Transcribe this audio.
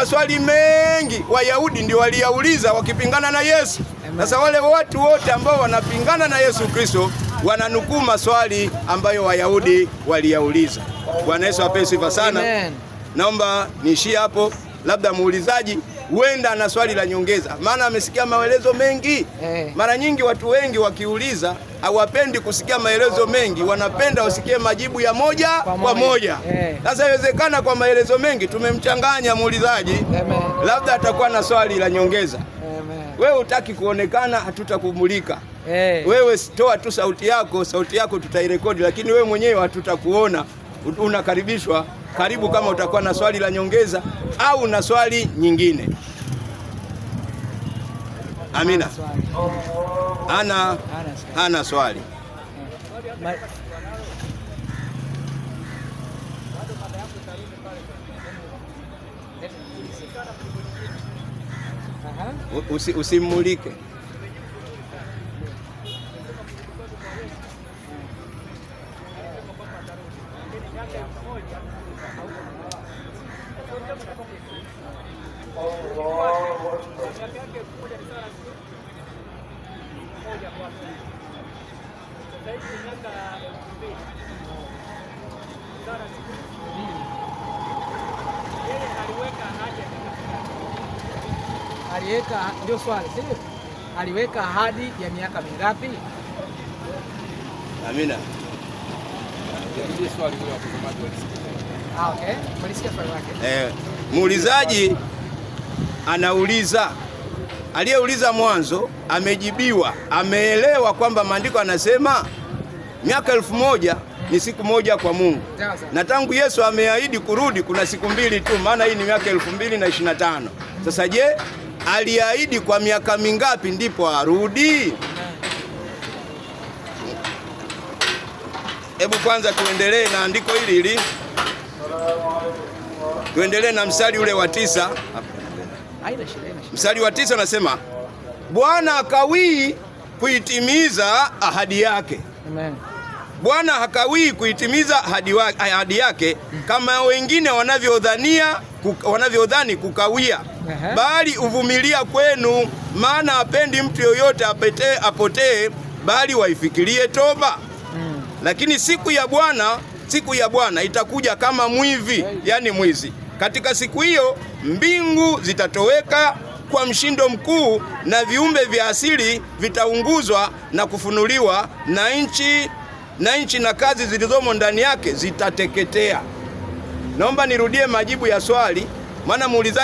maswali mengi Wayahudi ndio waliyauliza wakipingana na Yesu. Sasa wale watu wote ambao wanapingana na Yesu Kristo wananukuu maswali ambayo Wayahudi waliyauliza. Bwana Yesu apewe sifa sana. Naomba niishie hapo, labda muulizaji huenda ana swali la nyongeza, maana amesikia maelezo mengi. Eh. Mara nyingi watu wengi wakiuliza hawapendi kusikia maelezo mengi, wanapenda wasikie majibu ya moja kwa moja. Eh. Sasa inawezekana kwa maelezo mengi tumemchanganya muulizaji, labda atakuwa na swali la nyongeza. Wewe hutaki kuonekana, hatutakumulika. Eh. Wewe toa tu sauti yako, sauti yako tutairekodi, lakini wewe mwenyewe hatutakuona. Unakaribishwa karibu kama utakuwa na swali la nyongeza au na swali nyingine. Amina. Ana ana swali Usi, usimulike aliweka ndio swali, sio? Aliweka ahadi ya miaka mingapi? Amina. Ah, eh, muulizaji anauliza, aliyeuliza mwanzo amejibiwa, ameelewa kwamba maandiko anasema miaka elfu moja ni siku moja kwa Mungu, na tangu Yesu ameahidi kurudi kuna siku mbili tu, maana hii ni miaka elfu mbili na ishirini na tano. Sasa je, aliahidi kwa miaka mingapi ndipo arudi? Hebu kwanza tuendelee na andiko hili hili, tuendelee na mstari ule wa tisa. Mstari wa tisa anasema Bwana akawii kuitimiza ahadi yake. Amen. Bwana hakawii kuitimiza ahadi yake kama wengine wanavyodhania wanavyodhani kukawia, bali uvumilia kwenu, maana apendi mtu yoyote apetee apotee, bali waifikirie toba. Hmm. Lakini siku ya Bwana siku ya Bwana itakuja kama mwivi, yani mwizi katika siku hiyo mbingu zitatoweka kwa mshindo mkuu, na viumbe vya asili vitaunguzwa na kufunuliwa, na nchi na nchi na kazi zilizomo ndani yake zitateketea. Naomba nirudie majibu ya swali, maana muulizaji